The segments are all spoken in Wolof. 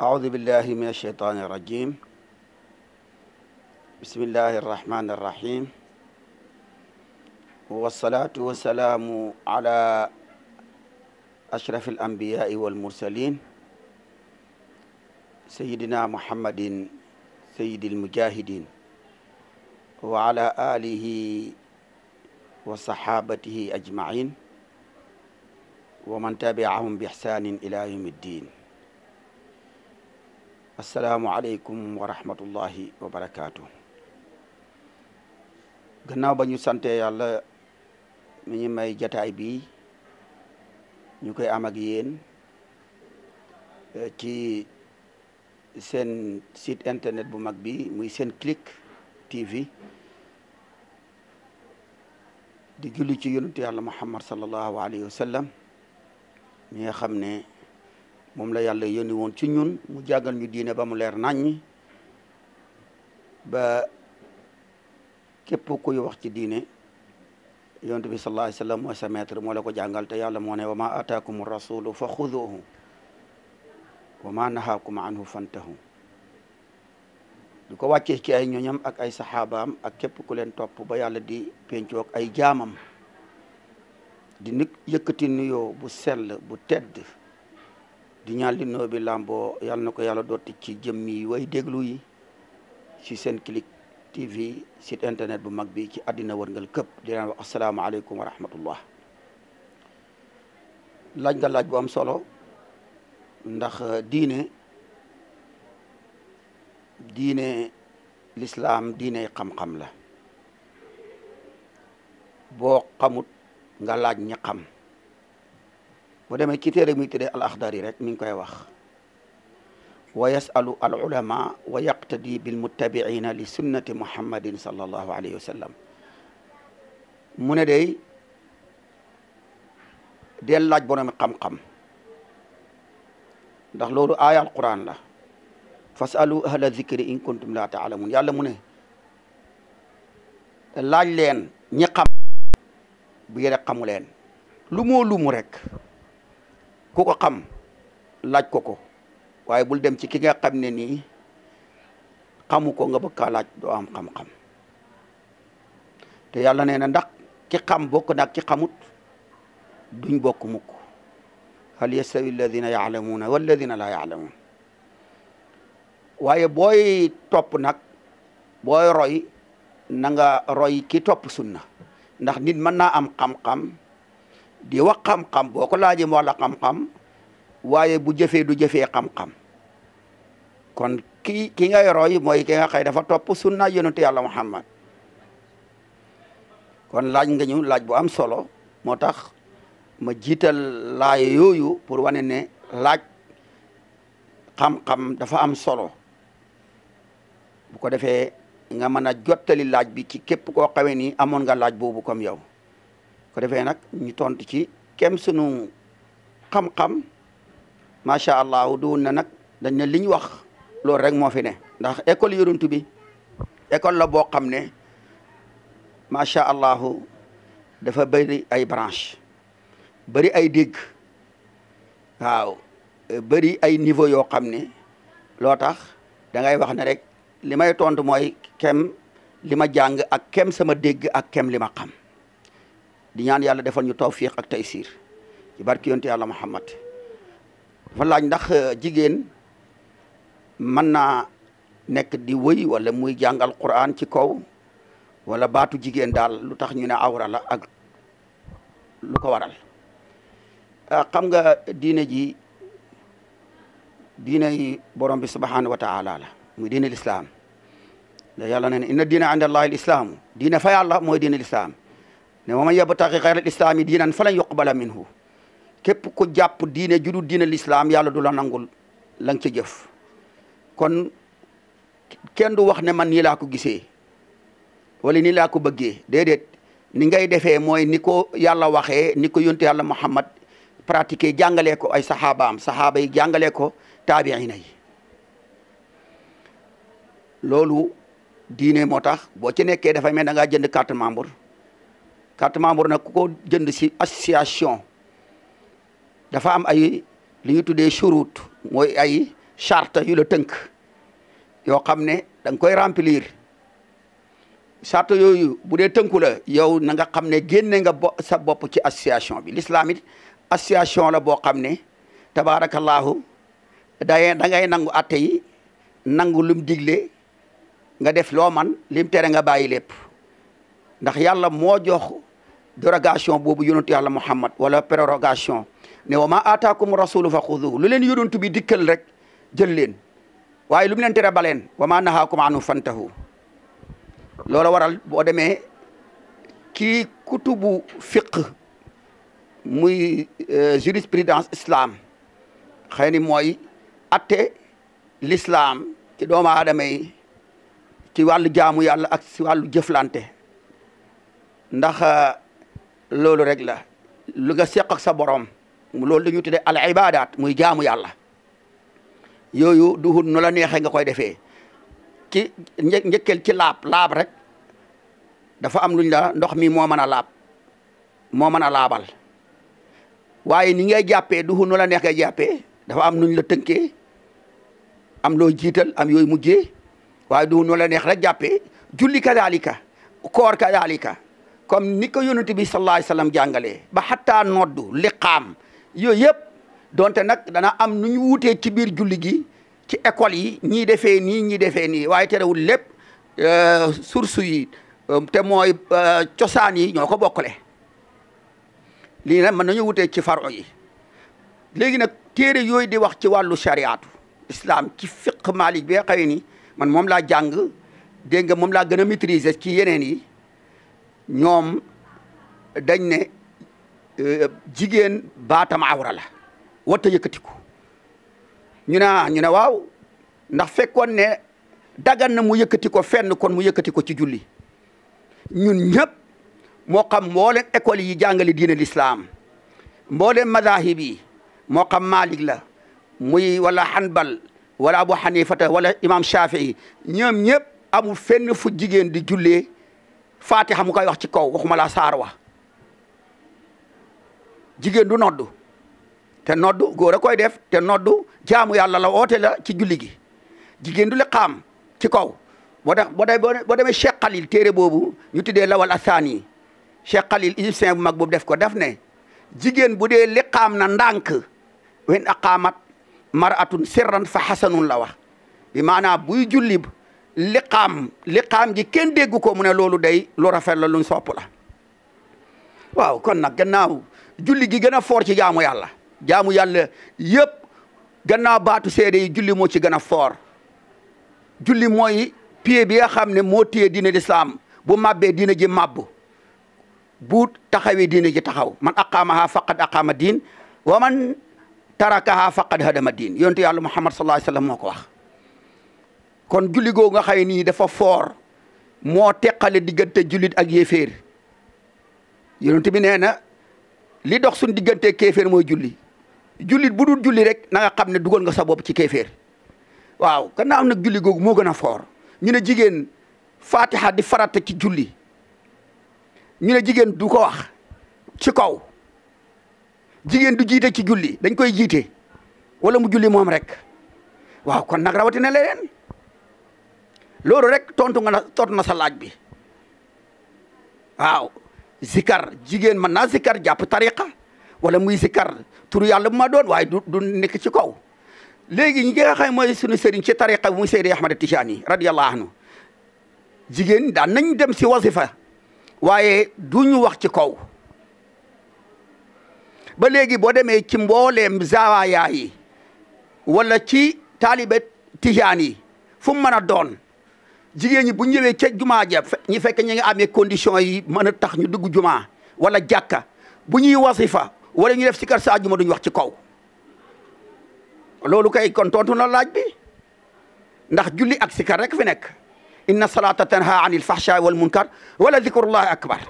أعوذ بالله من الشيطان الرجيم بسم الله الرحمن الرحيم والصلاة والسلام على أشرف الأنبياء والمرسلين سيدنا محمد سيد المجاهدين وعلى آله وصحابته أجمعين ومن تبعهم بإحسان إلى يوم الدين asalaamualeykum wa rahmatullahi wa barakaatu. gannaaw ba ñu sante yàlla mi ñu may jataay bi ñu koy am ak yéen eh, ci seen site internet bu mag bi muy seen Senclic TV di julli ci yonentu yàlla Muhammad sallallahu alayhi wa sallam ñi nga xam ne moom la yàlla yónni woon ci ñun mu jàngal ñu diine ba mu leer naññ ba képp kuy wax ci diine yonent bi sallallahu alayhi wasallam sa maître moo la ko jàngal te yàlla moo ne wa ma ataakum rasulu fa xuduhu wa ma nahaakum anhu fantahu di ko wàccee ci ay ñoñam ak ay saxaabaam ak képp ku leen topp ba yàlla di pencoog ay jaamam di nit yëkkati nuyoo bu sell bu tedd di ñaan li noo bi làmboo yàlla na ko yàlla dotti ci jëmm yi way déglu yi ci Senclic TV site internet bu mag bi ci àddina wërngal këpp di leen wax asalaamaaleykum wa laaj nga laaj bu am solo ndax uh, diine diine lislaam diiney xam-xam la boo xamut nga laaj ñi xam bu demee ci téere muy tuddee al axdar yi rek mi ngi koy wax wa yasalu al ulama wa yaqtadi bil muttabiina li sunnati muhammadin sallallahu alayhi wa sallam mu ne day del laaj boroomi xam-xam ndax loolu aaya alquran la fasalu ahla zikri in kuntum la taalamun yàlla mu ne laaj leen ñi xam bu yére xamu leen lu moo lumu rek ku ko xam ko ko waaye bul dem ci ki ne nii xamu ko nga bëgg kaa laaj am xam-xam te yàlla nee na ndax ki xam bokk nak ci xamut duñ bokk mukk hal yastawi alladina yaalamuuna walladina laa yaalamuun waaye booy topp nag booy roy na nga roy ki topp sunna ndax nit mën am xam-xam di wax xam-xam boo ko laajee mu wax la xam waaye bu jëfee du jëfee xam-xam kon ki ki ngay roy mooy ki nga xëy dafa topp sunna yonent yàlla Muhammad kon laaj nga ñu laaj bu am solo moo tax ma jiital laay yooyu pour wane ne laaj xam-xam dafa am solo bu ko defee nga mën a jottali laaj bi ci képp koo xamee ni amoon nga laaj boobu comme yow ko defee nag ñu tontu ci kem sunu xam-xam macha allah duwun na nag dañ ne li ñu wax loolu rek moo fi ne ndax école yuruntu bi école la boo xam ne macha allah dafa bëri ay branche bëri ay dégg waaw bëri ay niveau yoo xam ne loo tax da ngay wax ne rek li may tontu mooy kem li ma jàng ak kem sama dégg ak kem li ma xam di ñaan yàlla defal ñu tawfiq ak taysiir ci barki yàlla Muhammad dafa laaj ndax euh, jigéen mën naa nekk di wëy wala muy jàngal Qur'an ci kaw wala baatu jigéen daal lu tax ñu ne awra la ak lu ko waral euh, xam nga diine ji diine yi borom bi subhanahu wa muy diine lislaam da yàlla ne inna diina inda allahi lislaamu diine fa yàlla mooy diine lislaam ne wa man yabtaqi xayral islaami diinan falan yuqbala minhu képp ku jàpp diine judu diine lislaam yàlla du la nangul la nga ca jëf kon kenn du wax ne man nii laa ko gisee wala nii laa ko bëggee déedéet ni ngay defee mooy ni ko yàlla waxee ni ko yonte yàlla Muhammad pratiqué jàngalee ko ay saxaabaam saxaaba yi jàngalee ko taabiina yi loolu diine moo tax boo ci nekkee dafay mel da ngaa jënd carte membre carte membre nag ku ko jënd si association dafa am ay li ñu tuddee churut mooy ay charte yu la tënk yoo xam ne da koy remplir charte yooyu bu dee tënku la yow na nga xam ne génne nga sa bopp ci association bi l'islam it association la boo xam ne tabaarakallaahu daye da ngay nangu atte nangu lum digle nga def loo man lim tere nga bàyyi lépp ndax yàlla moo jox dérogation boobu yonentu yàlla Muhammad wala prérogation ne wa ma aataakum rasulu fa xudu lu leen yonentu bi dikkal rek jël leen waaye lu mu leen tere baleen wa ma nahaakum anu fantahu loola waral boo demee kii kutubu fiq muy euh, jurisprudence islam xëy ni mooy atte l'islam ci doomu aadama yi ci wàllu jaamu yàlla ak ci wàllu jëflante euh, loolu rek la lu nga seq ak sa borom loolu la ñuy tuddee al ibadat muy jaamu yàlla yooyu duhut nu la neexee nga koy defee ci njëkkeel ci laab laab rek dafa am luñ la ndox mi moo mën a laab moo mën a laabal waaye ni ngay jàppee duhut nu la neex ngay dafa am nuñ la tënkee am loo jiital am yooyu mujjee waaye duhut nu la neex rek jàppee julli kadalika koor kadalika comme ni ko yonent bi sallallahu alayhi jàngalee ba xattaa noddu liqaam yooyu yëpp donte nag dana am nu ñu wutee ci biir julli gi ci école yi ñii defee nii ñii defee nii waaye terewul lépp euh, source yi euh, te mooy euh, cosaan yi ñoo ko bokkale lii nag mën nañu wutee ci faro yi léegi nag téere yooyu di wax ci wàllu chariatu islam ci fiq malik bi xëy ni man moom laa jàng dégg nga moom laa gën a maîtriser ci yeneen yi ñoom dañ ne euh, jigéen baatam awra la warta yëkkatiku ñu na ah, ñu ne waaw ndax fekkoon ne dagan na mu yëkkati ko fenn kon mu yëkkati ko ci julli ñun ñëpp moo xam mboolem école yi jàngale diine lislaam mboolem madahib yi moo xam Malik la muy wala Hanbal wala Abu Hanifata wala imam Shafi'i ñoom ñëpp amul fenn fu jigéen di jullee fatiha mu koy wax ci kaw waxuma la saar wa jigéen du noddu te noddu góor a koy def te noddu jaamu yàlla la woote la ci julli gi jigéen du liqaam ci kaw moo tax boo demee boo demee Cheikh Khalil téere boobu ñu tuddee lawal asaani Cheikh Khalil égyptien bu mag boobu def ko def ne jigéen bu dee liqaam na ndànk wen aqaamat maratun serran fa hasanun la wax bi buy julli liqaam liqaam ji kenn déggu ko mu ne loolu dey lu rafet la luñ sopp la waaw kon nag gannaaw julli gi gën a foor ci jaamu yàlla jaamu yàlla yëpp gannaaw baatu seede yi julli moo ci gën a foor julli mooy pied bi nga xam ne moo téye diine lislaam bu mabbee diine ji mabbu bu taxawi diine ji taxaw man aqaamaha faqad aqaama diin wa man tarakaha faqad hadama diin yontu yàlla muhammad sallallahu alayhi wa sallam moo ko wax kon julli googu nga xay nii dafa foor moo teqale diggante jullit ak yéeféer yonent bi nee na li dox suñ diggante kéeféer mooy julli jullit bu dul julli rek na xam ne dugal nga sa bopp ci kéeféer waaw gannaaw nag julli googu moo gën a foor ñu ne jigéen fatiha di farata ci julli ñu ne jigéen du ko wax ci kaw jigéen du jiite ci julli dañ koy jiite wala mu julli moom rek waaw kon nag rawatina leneen loolu rek tontu nga na tontu na sa laaj bi waaw zikar jigéen mën naa zikar jàpp tariqa wala muy zikar turu yàlla bu ma doon waaye du nekk ci kaw léegi ñi nga xam mooy suñu sëriñ ci tariqa bi muy Seydi Ahmad Tijaani radiyallahu anhu jigéen daan nañ dem si wasifa waaye duñu wax ci kaw ba léegi boo demee ci mbooleem zawaaya yi wala ci taalibe tijaan yi fu mu mën a doon jigéen ñi bu ñu ñëwee ca jumaa ja ñi fekk ñi nga amee condition yi mën a tax ñu dugg jumaa wala jàkka bu ñuy wasifa wala ñu def si kar sa juma duñ wax ci kaw loolu kay kon tontu na laaj bi ndax julli ak sikar rek fi nekk inna salata tanha anil fahsha wal munkar wala zikrullahi akbar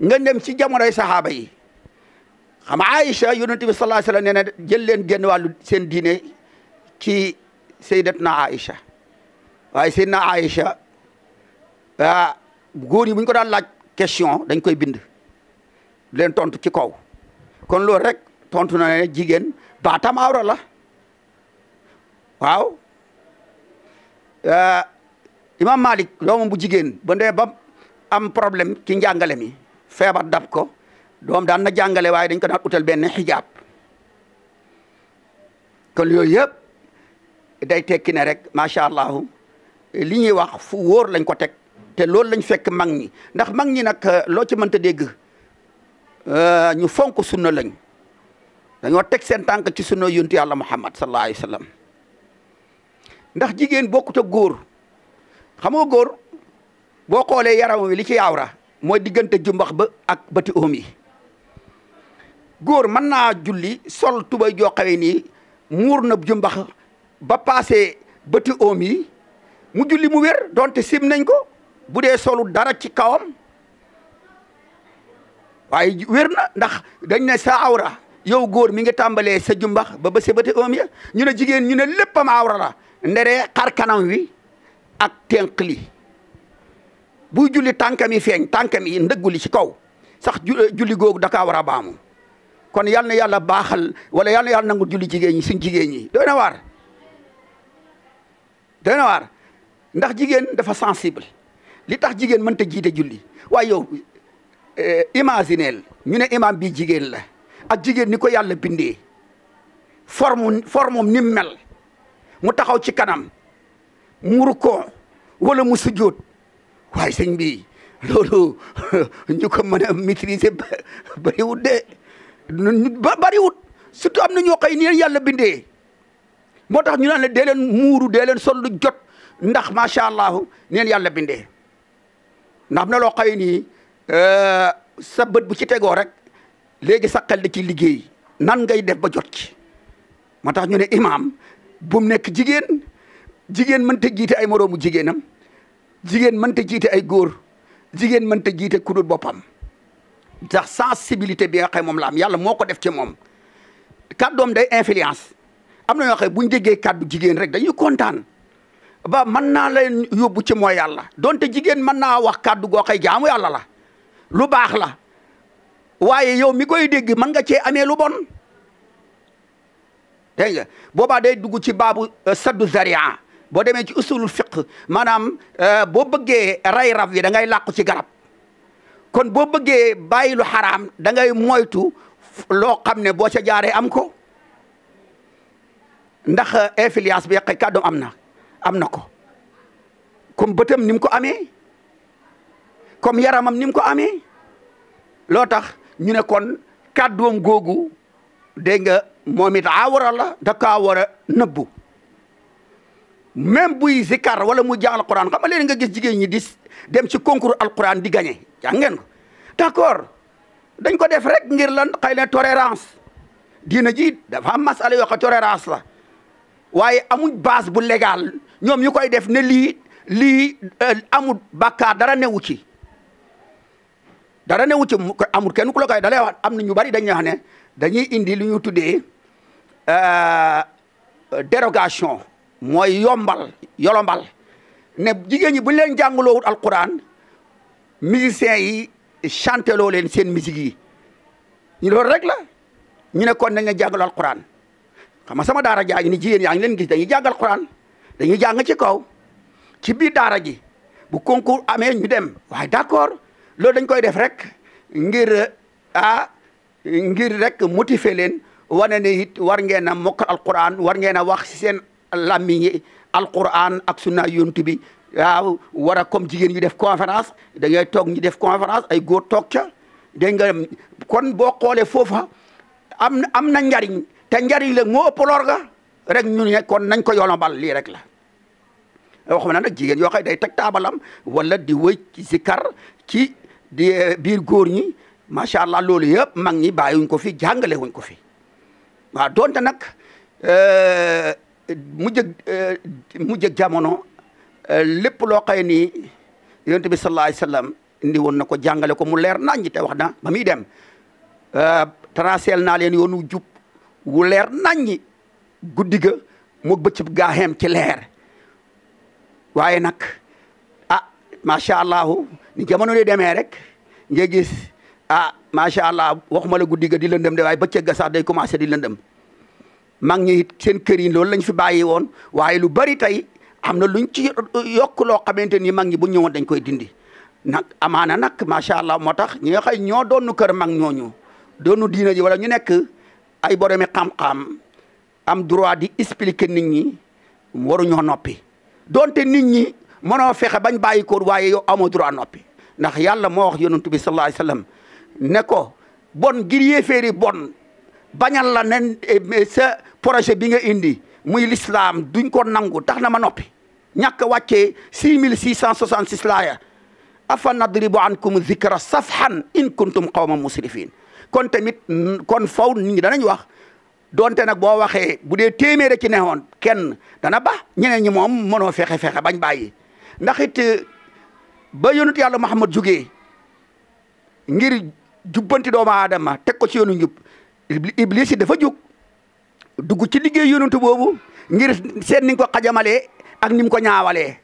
nga dem ci jamonoy sahaaba yi xam Aïcha yonente bi sallallahu alayhi nee na jël leen génn wàllu seen diine ci sayyidatuna Aïcha waaye Seydina Aïcha ah góor yi bu ñu ko daan laaj question dañ koy bind leen tontu ci kaw kon loolu rek tontu na ne jigéen baatam awra la waaw ah, Imam Malik doomam bu jigéen ba ndee ba am problème ci njàngale mi feebar dab ko doom daan na jàngale waaye dañ ko daan utal benn xijaab kon yooyu yëpp day tekki ne rek macha allah li ñuy wax fu wóor lañ ko teg te loolu lañ fekk mag ñi ndax mag ñi nag euh, loo ci mënta dégg euh, ñu fonk sunna lañ dañoo teg seen tànk ci sunna yuntu yàlla muhammad sallallahu alayhi wa sallam ndax jigéen bokkut ak góor xam nga góor boo xoolee yaram wi li ci yaawra mooy diggante jumbax ba ak bëti oom yi góor mën naa julli sol tubay joo xawee nii muur na jumbax ba paase bëti oom yi mu julli mu wér donte sim nañ ko bu dee solu dara ci kawam waaye wér na ndax dañ ne sa awra yow góor mi nga tàmbalee sa jumbax ba ba sebate oom ya ñu ne jigéen ñu ne léppam awra la nderee xar kanam wi ak tenq li buy julli tànkam yi feeñ tànkam yi ndëgguli ci kaw sax eh, julli googu dakaa war a baamu kon yal na yàlla baaxal wala yal na yàlla nangu julli jigéen ñi suñ jigéen ñi doy na waar waar ndax jigéen dafa sensible li tax jigéen mënta jiite julli waaye yow eh, imagineel ñu ne imam bii jigéen la ak jigéen ni ko yàlla bindee forme formom ni mel mu taxaw ci kanam muru ko wala mu sujjóot waaye sëñ bi loolu ñu ko mën a maîtriser bariwut de ba bariwut surtout am na ñoo xëy ni yàlla bindee moo tax ñu naan la dee leen muuru dee leen sol lu jot ndax macha allah neen yàlla bindee ndax am na loo xëy nii euh, sa bët bu ci tegoo rek léegi sa xel di ci liggéey nan ngay def ba jot ci tax ñu ne imaam bu mu nekk jigéen jigéen mënta jiite ay moroomu jigéenam jigéen mënta jiite ay góor jigéen mënta jiite kudul boppam ndax sensibilité bi nga xam moom la am yàlla moo ko def ci moom kàddoom day influence am na ñoo xam buñ déggee kàddu jigéen rek dañuy kontaan ba mën naa leen yóbbu ci mooy yàlla donte jigéen mën naa wax kàddu goo xay jaamu yàlla la lu baax la waaye yow mi koy dégg mën nga cee amee lu bon dégg nga boobaa day dugg ci baabu euh, saddu zaria boo demee ci usulul fiq maanaam euh, boo bëggee ray rab yi da ngay làqu ci garab kon boo bëggee bàyyi lu xaraam da moytu loo xam ne boo ca jaaree am ko ndax euh, influence bi yàq kàddu am na am na ko comme bëtam ni ko amee comme yaramam ni ko amee loo tax ñu ne kon kàddoom googu dégg nga moom it awara la da kaa war nëbbu même buy zikar wala mu jàng alquran xam nga nga gis jigéen ñi di dem ci concours alquran di gagné jàng ngeen ko d'accord dañ ko def rek ngir lan xëy na tolérance diina ji dafa am masala yoo xam tolérance la waaye amuñ base bu légal ñoom ñu koy def ne lii lii euh, amut bàkkaar dara newu ci dara newu ci amul kenn ku la koy dalay am na ñu bari dañuy wax dañuy indi lu ñu tuddee euh, dérogation mooy yombal yolombal ne jigéen ñi bu ñu leen jàngaloowul alquran musiciens yi chanteloo leen seen musique yi ñu loolu rek la ñu ne kon nañ leen jàngaloo alquran xam nga sama daara jaa ngi ni jigéen yaa leen gis dañuy jàngal alquran dañuy jàng ci kaw ci biir daara gi bu concours amee ñu dem waaye d'accord loolu dañ koy def rek ngir ah ngir rek motiver leen wane ne it war ngeen a mokkal alquran war ngeen a wax si seen làmmiñ yi alquran ak sunna yontu bi waaw war comme jigéen ñu def conférence da ngay toog ñu def conférence ay góor toog ca dégg nga kon boo xoolee foofa am am na njariñ te njariñ le moo ëpp ga rek ñu ne kon nañ ko yoolambal lii rek la waxuma na nag jigéen yoo xam day teg taabalam walla di wëy ci sikar ci di eh, biir góor ñi macha allah loolu yëpp mag ñi bàyyiwuñ ko fi jàngale wuñ ko fi waaw doonte nag mu jëg mu jëg jamono eh, lépp loo xëy ni yonent bi sallallahu alayhi wasallam indi woon na ko jàngale ko mu leer naññ te wax na ba muy dem eh, tracel naa leen yoonu jub wu leer naññi guddi ga mu bëccëg gaa xem ci leer waaye nag a ah, macha allah ni jamono di demee rek nga gis ah macha allah waxuma la guddi ga di lëndëm de waaye bëccëg ga sax day commencé di lëndëm mag ñi it seen kër yi loolu lañ fi bàyyi woon waaye lu bari tey am na luñ ci yokk loo xamante ni mag ñi bu ñëwoon dañ koy dindi nag na nag macha allah moo tax ñi nga xay ñoo doonu kër mag ñooñu doonu diina ji wala ñu nekk ay boromi xam-xam. am droit di expliquer nit ñi waruñoo noppi donte nit ñi mënoo fexe bañ bàyyi ko waaye yow amoo droit noppi ndax yàlla moo wax yonent bi sallallahu alayhi wasallam ne ko bon ngir yéeféeri bon bañal la nen eh, sa projet bi nga indi muy l'islam duñ ko nangu tax na ma noppi ñàkk wàccee six mille six cent soixante six laaya afa nadribu ankum zikra safhan in kuntum qawman musrifin kon tamit kon faw nit ñi danañ wax donte nag boo waxee bu dee téeméer ci neexoon kenn dana ba ñeneen ñi moom mënoo fexe fexe bañ bàyyi ndax it euh, ba yonent yàlla Muhammad jógee ngir jubbanti doomu aadama teg ko ci yoonu njub iblis dafa jug dugg ci liggéey yonent boobu ngir seet ni ko xajamalee ak ni mu ko ñaawalee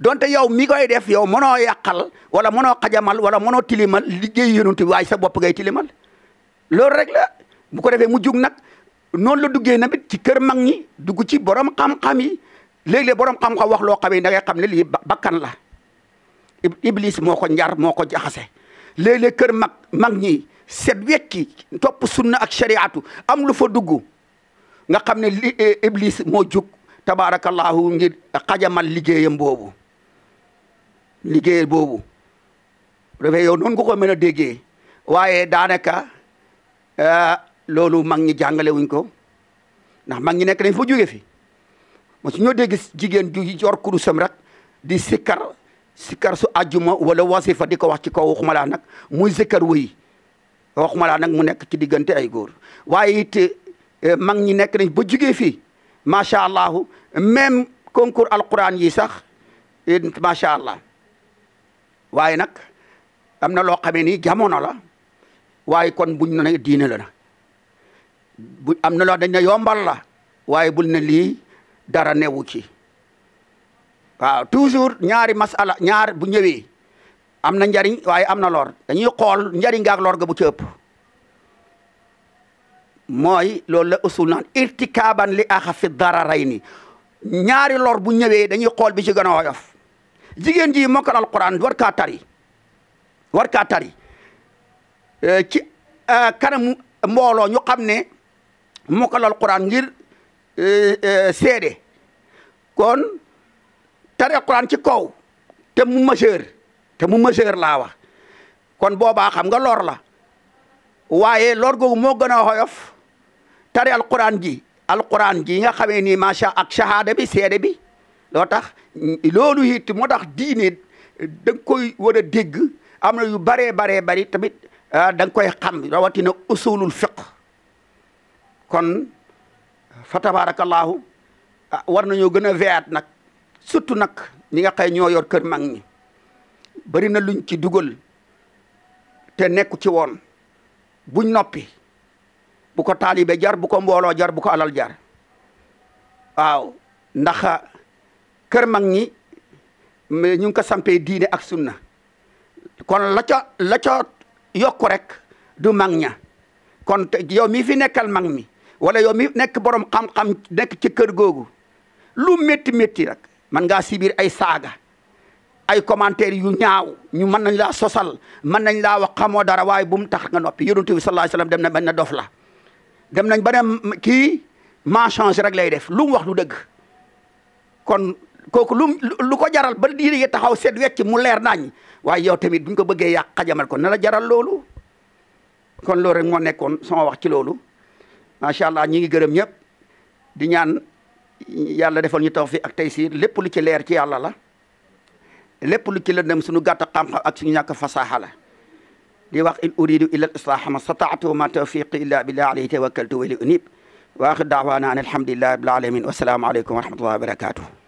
donte yow mi koy def yow mënoo yàqal wala mënoo xajamal wala mënoo tilimal liggéey yonent waaye sa bopp ngay tilimal loolu rek bu ko defee mu jug nag noonu la duggee namit ci kër mag ñi dugg ci borom xam-xam yi léeg borom xam-xam wax loo xamee da ngay xam ne lii bakkan la iblis moo ko njar moo ko jaxase léeg kër mag mag ñi set wecci topp sunna ak shariatu am lu fo duggu nga xam ne li eh, iblis moo jug tabarakallahu ngir xajamal liggéeyam boobu liggéey boobu dafay yow noonu nga ko mën a déggee waaye daanaka eh, loolu mag ñi jàngale wuñ ko ndax mag ñi nekk nañ fa jóge fi mo su ñoo dee gis jigéen ju yor kurusam rek di sikkar sikkar su àjjuma wala wasifa di ko wax ci kaw waxuma laa nag muy sikkar wuy waxuma nag mu nekk ci diggante ay góor waaye it eh, mag ñi nekk nañ ba jóge fi macha allah même concours alquran yi sax macha allah waaye nag am na loo xamee ni jamono la waaye kon buñ ne diine la na bu am na loo dañ ne yombal la waaye bul na lii dara newu ci waaw toujours ñaari masala ñaar bu ñëwee am na njariñ waaye am na lor dañuy xool njariñ gaak lor ga bu ci ëpp mooy loolu la usul naan irtikaaban li axafi dararayni ñaari lor bu ñëwee dañuy xool bi ci gën a woyof jigéen ji mokkal alquran war kaa tari war kaa tari eh, ci eh, kanamu mbooloo ñu xam ne mokkalal quran ngir e, e, seede kon tare quran ci kaw te mu majeur te mu majeur laa wax kon boobaa xam nga lor la waaye lor googu moo gën a xoyof tare alquran ji alquran ji nga xamee ni macha ak shahada bi seede bi loo tax loolu it moo tax diine dang koy war a dégg am na yu baree baree bari tamit ah, da dang koy xam rawatina usulul fiqh kon fa tabaarakallaahu ah, war nañoo gën a veyaat nag surtout nag ñi nga xëy ñoo yor kër mag ñi bari na luñ ci dugal te nekku ci woon buñ noppi bu ko taalibe jar bu ko mbooloo jar bu ko alal jar waaw ndax kër mag ñi ñu ngi ko sampee diine ak sunna kon la ca la ca yokku rek du mag ña kon yow mii fi nekkal mag mi wala yow mi nekk borom xam-xam nekk ci kër googu lu métti métti rek man ngaa sibir ay saaga ay commentaire yu ñaaw ñu mën nañ laa sosal mën nañ laa wax xamoo dara waaye bu mu tax nga noppi yonent bi sallallahu alayhi wasallam dem na bañ na dof la dem nañ ba ne kii ma change rek lay def lu mu wax du dëgg kon kooku lu lu ko jaral ba diine yi taxaw seet wecc mu leer nañ waaye yow tamit buñ ko bëggee yàq xajamal kon na la jaral loolu kon loolu rek moo nekkoon sama wax ci loolu macha allah ñi ngi gërëm ñëpp di ñaan yàlla defal ñu tawfiq ak taysir lépp lu ci leer ci yàlla la lépp lu ci lëndëm suñu gàtt xam-xam ak suñu ñàkk fasaaxa la di wax in uridu illa al islaha ma stataatu ma tawfiqi illa billah alayhi tawakkaltu wa ilayhi unib wa axir daawaana an alhamdulillahi rabbil alamin wa salaamu aleykum wa rahmatullahi wa barakatuh